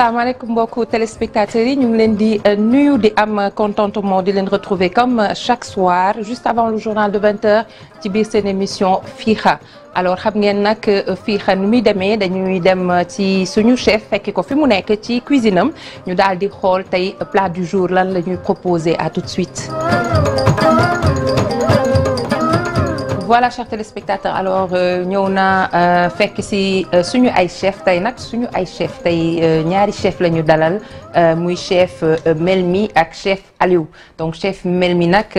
salaamaaleykum mbokku téléspectateurs yi ñu ngi leen di euh, nuyu di am contentement di leen retrouver comme euh, chaque soir juste avant le journal de 20 heures ci biir seen émission Fixa alors xam ngeen nag euh, Fixa nu muy demee dañuy dem ci suñu chef fekki ko fi mu nekk ci cuisine am ñu daal di xool tey plat du jour lan la ñuy proposer à tout de suite. voilà chers téléspectateurs alors euh, ñëw naa euh, fekk si euh, suñu ay chef tey nag suñu ay chef tey ñaari chef la ñu dalal muy chef Melmi ak chef Aliou donc chef mi nag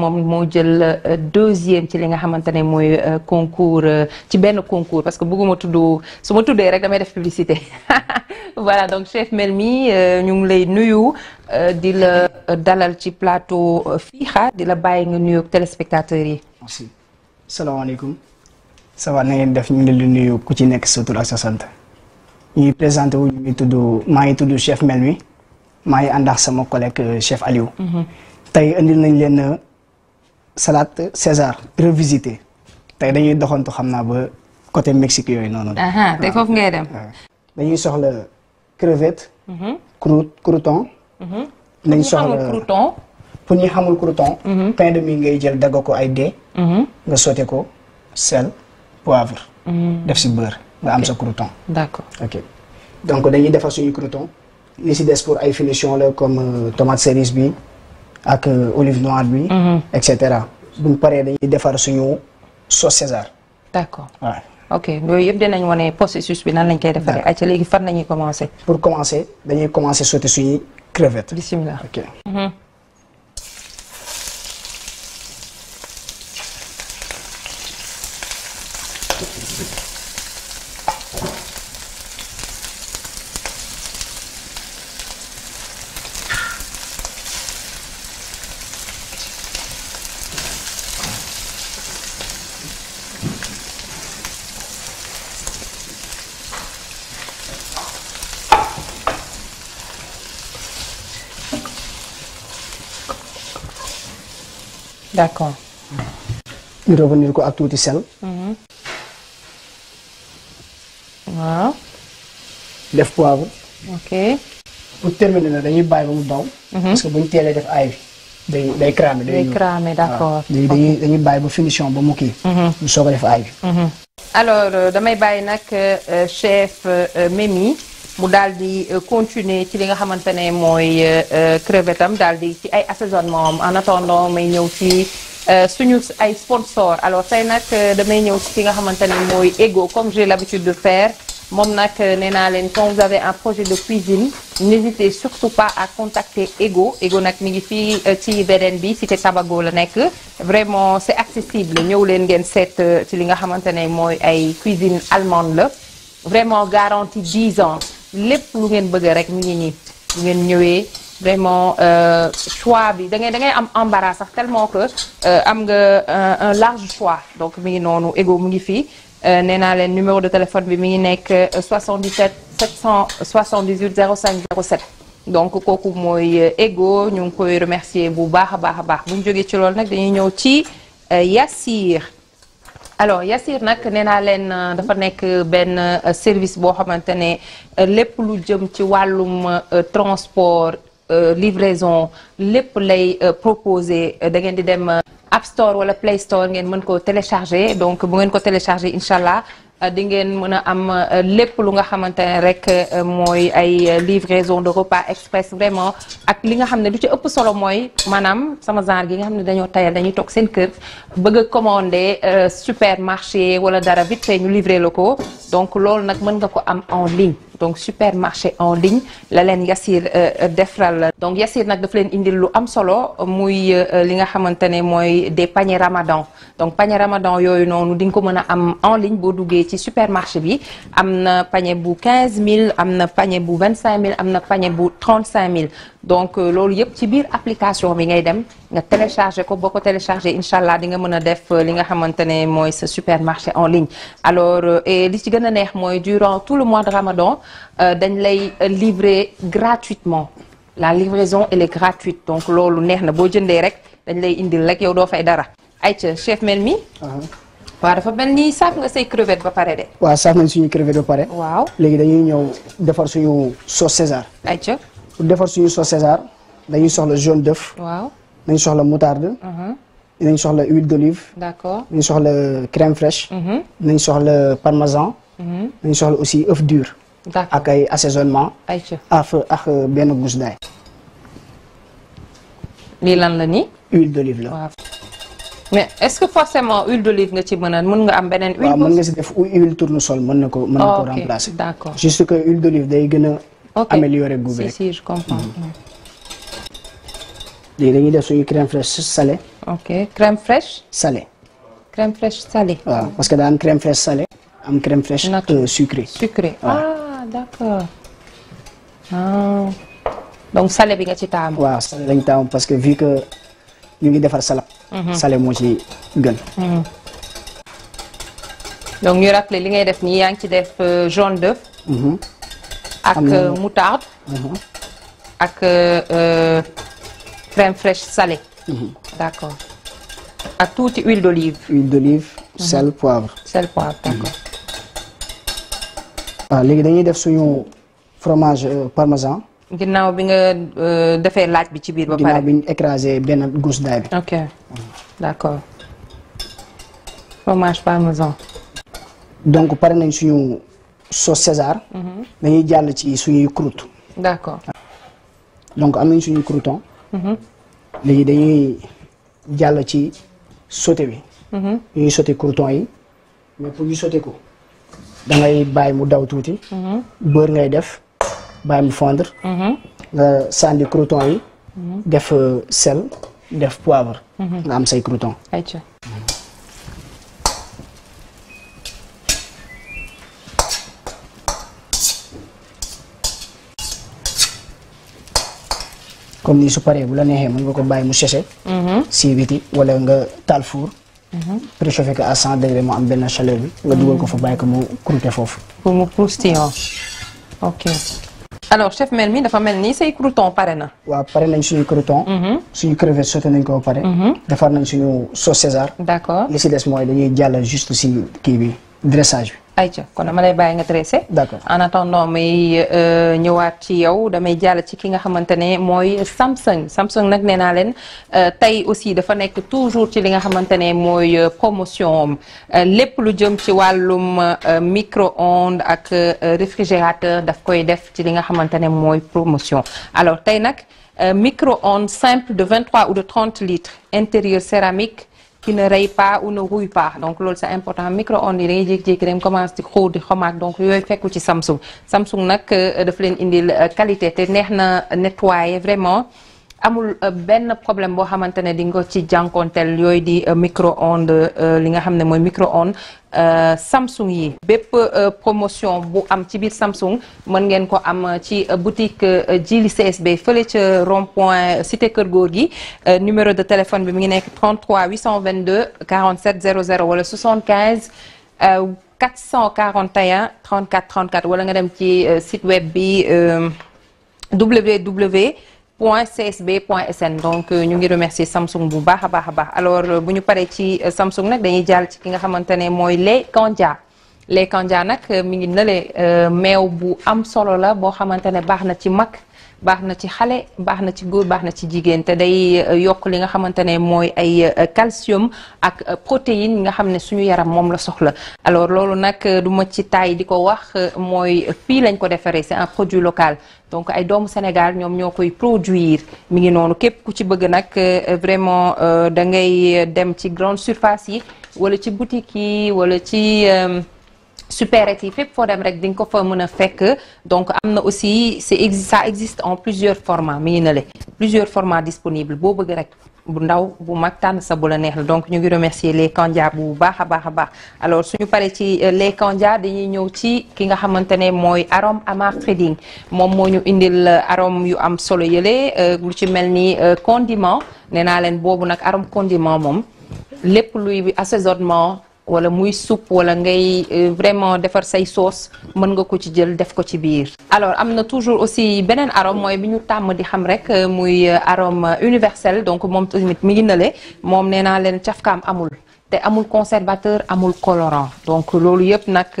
moom moo jël deuxième ci li nga xamante ne mooy concours ci benn concours parce que bëgguma tudd su ma tuddee rek damay def publicité voilà donc chef Melmi ñu ngi lay nuyu di la dalal ci plateau FIHA di la bàyyi nga nuyu téléspectateurs yi salaamaaleykum. ça va na ngeen def ñu ngi leen di ku ci nekk sa ak sa sant. ñu ngi présenté wu ñu ngi maa ngi tudd chef Melmi maa ngi ànd ak sama collègue euh, chef Aliou. Mhm. tey indil nañ leen euh, salade César revisité tey dañuy doxantu xam naa ba côté Mexique yooyu noonu. te foofu ngay dem. dañuy soxla crevette. Mhm. croûte crouton. Mhm. soxla crouton. pour ñu xamul crouton. Mhm. pain de mie ngay jël dagg ko ay dés. Mhm. nga sauté ko sel poivre. Mhm. def si beurre nga am sa crouton. d'accord ok donc dañuy defar suñu crouton li si des pour ay finition la comme euh, tomate cerise bi ak euh, olive noire bi. et cetera buñ paree dañuy defar suñu sauce César. d'accord waaw. ok yooyu yëpp dinañ wane processus bi nan lañ koy defaree. ay ca léegi fan la ñuy commencer. pour commencer dañuy commencer sauter suñuy crevettes. bismillah d'accord. ñu revenir ko ak tuuti sel. waaw. Mhm. def poivre. ok. ba mu daw. Mhm. parce que bu ñu teelee def aay bi. day day cramé dañuy dañuy bàyyi ba finition mu kii. ñu mhm. soog a def aay bi. alors euh, damay bàyyi nag euh, euh, chef Mimi. mu daal di euh, continuer ci li nga xamante ne mooy euh, euh, crevette am daal di ci ay assaisonnement am en attendant may ñëw ci suñu ay sponsor alors tey nag damay ñëw ci ki nga xamante ne mooy Ego comme j'ai l'habitude de faire moom nag nee naa leen quand vous avez un projet de cuisine n'hésitez surtout pas à contacter Ego Ego nag mi ngi fii ci VDN bi cité Tabago la nekk vraiment c'est accessible ñëw leen ngeen seet ci li nga xamante ne mooy ay cuisine allemande la vraiment garantie lépp lu ngeen bëgg rek mu ngi nii bu ngeen ñëwee vraiment euh, choix bi dangay ngay da ngay am embarras sax tellement que euh, am nga euh, un large choix donc mi ngi noonu Ego mu ngi fii nee naa leen numéro de téléphone bi mi ngi nekk 77 778 05 07 donc kooku mooy Ego ñu ngi koy remercier bu baax a baax a baax bu ñu jógee ci loolu nag dañuy ñëw ci Yassir alors Yassir nag nee naa leen euh, dafa nekk benn euh, service boo xamante ne euh, lépp lu jëm ci wàllum transport livraison lépp lay proposer da ngeen di dem App Store wala Play Store ngeen mën ko télécharger donc bu ngeen ko télécharger incha allah Euh, di ngeen mën a am euh, lépp lu nga xamante ne rek euh, mooy ay livraison de repas express vraiment ak li nga xam ne du ci ëpp solo mooy maanaam sama genre gi nga xam ne dañoo tayal dañuy toog seen kër bëgg a commander supermarché wala dara vite ñu livrer la ko donc loolu nag mën nga ko am en ligne. donc supermarché en ligne la leen Yassir euh, euh, defral donc Yassir nag daf leen indil lu am solo muy euh, li nga xamante ne mooy des paniers ramadan donc panier ramadan yooyu noonu di nga ko mën a am en ligne boo duggee ci supermarché bi am na pañe bu 15000 am na panier bu 25000 am na panier bu 35000 donc euh, loolu yëpp ci biir application bi ngay dem nga téléchargé ko boo ko téléchargé incha allah di nga mën a def euh, li nga xamante ne mooy sa supermarché en ligne alors euh, li ci gën a neex mooy durant tout le mois de Ramadan dañ lay livrer gratuitement la livraison elle est gratuite donc loolu neex na boo jëndee rek dañ lay indil rek yow doo fay dara ayca chef mel mi uh-huh. waa dafa mel ni saaf nga say crevette ba pare de. waaw suñu crevette ba pare. waaw léegi dañuy ñëw defar suñu sauce César. ayca pour defar suñu sauce César dañuy soxla jaune d'œuf. waaw dañuy soxla moutarde. Uh-huh. dinañ soxla huile d'olive. d'accord dinañ soxla crème fraîche. Uh-huh. dinañ soxla parmesan. Uh-huh. dinañ soxla aussi œuf dur. ak ay assaisonnement. ay ca af ak benn gousse d'ail. lii lan la nii. huile d'olive la waaw. mais est-ce que forcément huile d'olive nga ci mën a mën nga am beneen. huile waaw mën nga si def huile tournesol mën na mën na ko remplacer. juste que huile d'olive day gën a ok améliorer goût bi rek mhm. dañuy def suñu crème fraîche salée. ok crème fraîche. salée. parce que daa am crème fraîche salée. am crème fraîche. Euh, sucrée sucrée ah, ah. donc salé bi nga ci taamu. waaw salé lañ parce que vu que ñu ngi defar salade. Mhm. salé moo ci gën. Mhm. donc ñu rappelé li ngay def nii yaa ngi ci def euh, jaune d'œuf. ak euh, moutarde. Mhm. ak euh, crème fraîche salée. Mhm. d'accord ak tuuti huile d'olive. huile d'olive mhm. sel poivre. sel poivre d'accord. waaw ah, léegi dañuy def suñu fromage euh, parmesan. ginnaaw bi nga defee laaj bi ci biir ba bi ñu écrasé benn gousse bi. ok d'accord fromage parmesan. donc pare nañ suñu. sauce César. dañuy jàll ci suñuy croûte. d'accord donc am nañ suñuy crouton. Mhm. léegi dañuy jàll ci sauté bi. Mhm. ñuy sauté crouton yi mais pour ñu sauté ko da ngay bàyyi mu daw tuuti. Mhm. beurre ngay def bàyyi mu fondre. nga sànni crouton yi. def euh, sel def poivre. nga am say crouton. comme nii su paree bu la neexee mën nga ko bàyyi mu séché. Mm-hmm. si biti wala nga taal four. Mm-hmm. préchauffé ko à cent degré mu am benn chaleur bi. nga dugal ko fa bàyyi ko mu croûté foofu. pour mu croustillant ok. chef mel mi dafa mel ni say crouton pare na. waaw pare nañ suñu crouton. Mm-hmm. suñu crevette sauté nañ ko pare. defar nañ suñu sauce César. d'accord li si des mooy dañuy jàll juste si kii bi dressage Aïcha kon dama lay bàyyi nga tressé. d'accord en attendant may euh, ñëwaat ci yow damay jàll ci ki nga xamante ne mooy Samsung Samsung nag nee naa leen euh, tey aussi dafa nekk toujours ci li nga xamante ne mooy euh, promotion am lépp lu jëm ci wàllum micro-ondes ak réfrigérateur daf koy def ci li nga xamante ne mooy promotion alors tey nag micro-ondes simple de 23 ou de 30 litres intérieur céramique. qui ne raye pas ou ne rouille pas donc loolu c'est important micro-ondes yi da ngay jékki-jékki dem commencé di di xomaag donc yooyu fekku ci Samsung Samsung nag euh, daf leen indil euh, qualité te neex na nettoyer vraiment amul euh, benn problème boo xamante ne di nga ci jànkonteel yooyu di euh, micro onde euh, li nga xam ne mooy micro onde Samsung yi bépp promotion bu am ci biir Samsung mën ngeen ko am ci boutique Jili CSB fële ca rond point cité Kër Góor gi numéro de téléphone bi mu ngi nekk 33 822 47 00 wala 75 441 34 34 wala nga dem ci site web bi www point csb point sn donc euh, ñu ngi remercier Samsung bu baax a baax a baax alors euh, bu ñu paree ci euh, Samsung nag dañuy jàll ci ki nga xamante ne mooy les Kandia les Kandia nag mi ngi nële meew bu am solo la boo xamante ne baax na ci mag. baax na ci xale baax na ci góor baax na ci jigéen te day euh, yokk li nga xamante ne mooy ay euh, calcium ak euh, protéine nga xam ne suñu yaram moom la soxla alors loolu nag du ma ci taay di ko wax mooy fii lañ ko defaree c'est un produit local donc ay doomu Sénégal ñoom ñoo koy produire mi ngi noonu képp ku ci bëgg nag vraiment da ngay dem ci grande surface yi wala ci boutique yi wala ci supérette yi fépp foo dem rek di nga ko fa mën a fekk donc am na aussi c'est existe en plusieurs formats mi ngi na le plusieurs formats disponibles boo bëgg rek bu ndaw bu mag tànn sa bu la neex la donc ñu ngi remercier les Kandia bu baax a baax a baax alors suñu paree ci euh, les Kandia dañuy ñëw ci ki nga xamante ne mooy arôme Amar Trading moom moo ñu indil euh, arôme yu am solo yële euh, lu ci mel ni condiment nee naa leen boobu nag arôme condiment moom lépp luy assaisonnement wala muy soupe wala ngay euh, vraiment defar say sauce mën nga ko ci jël def ko ci biir. alors am na toujours aussi beneen arôme mooy bi ñu tàmm di xam rek euh, muy euh, arôme universel donc moom tamit mi ngi nale moom nee naa leen cafkaam amul. te amul conservateur amul colorant donc loolu yëpp nag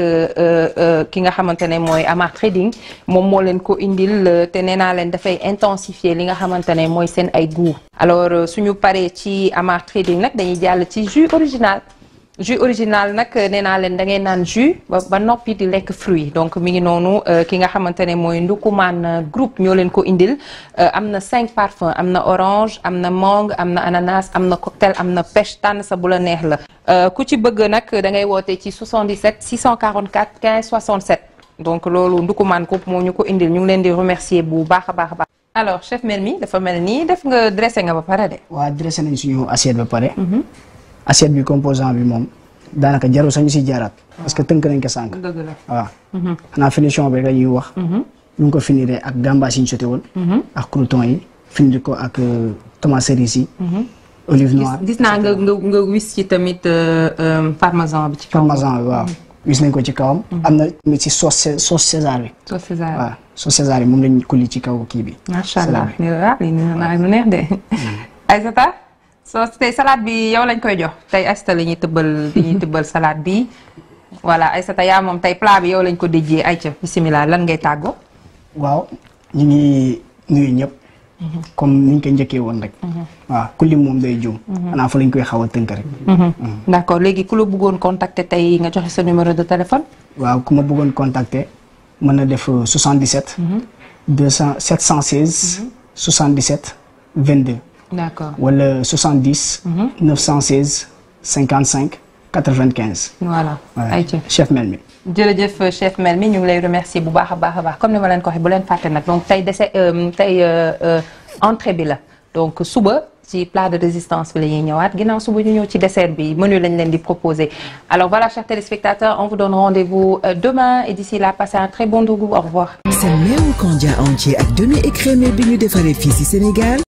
ki nga xamante ne mooy Amar moom moo leen ko indil te naa leen dafay intensifier li nga xamante ne mooy seen ay goût alors suñu paree ci Amar Trading nag dañuy jàll ci jus original jus original nag euh, nee naa leen da ngay naan jus ba noppi di lekk fruit donc mi ngi noonu euh, ki nga xamante ne mooy Ndukumaan euh, groupe ñoo leen ko indil am na cinq parfums am na orange am na mangue am na ananas am na cocktail am na pêche tànn sa bu la neex la ku ci bëgg nag da ngay woote ci 77 644 15 67 donc loolu Ndukumaan groupe moo ñu ko indil ñu ngi leen di remercier bu baax a baax a baax alors chef dafa mel nii def nga dressé nga ba pare de. waaw dressé assiette bi composant bi moom daanaka jarul sañu si jaaraat parce que tënk nañ ko sànq waaw mhm. a finition bi rek la ñuy wax mhm. ñu ngi ko finiree ak gambas yi ñu sote woon mhm. ak croutons yi finir ko ak euh, tomates cerises yi olive noire gis naa nga nga nga wis ci tamit euh, euh, parmesan bi ci kaw parmesan ko ci kawam am na tamit si sauce sauce César bi moom lañ kulli ci kaw kii soo tey salade bi yow lañ koy jox tey Aïssata la ñuy tëbbal di ñuy tëbbal salade bi voilà Aïssata yaa moom tey plat bi yow lañ ko déjee ayca bisimilah lan ngay tàggoo. waaw ñu ngi nuyu ñëpp. Mhm. comme niñ ko njëkkee woon rek. Mhm. waaw ku lim moom day juum. Mhm. xanaa fa lañ koy xaw a tënk rek. d' accord léegi ku la bëggoon contacter tey nga joxe sa numéro de téléphone. waaw ku ma bëggoon contacter mën na def 77. 200 716. 77 22. d'accord wala 70. 916 55 95. voilà ayca chef mel mi. jërëjëf chef mel mi ñu ngi lay remercier bu baax a baax a comme leen ko waxee bu leen fàtte nag donc tey euh, euh, euh, bi la donc suba. ci plat de résistance bi la ñuy ñëwaat ginnaaw suba ñu ñëw ci dessert bi menu lañ leen di proposer alors voilà chers téléspectateurs on vous donne rendez-vous demain et d'ici là passez un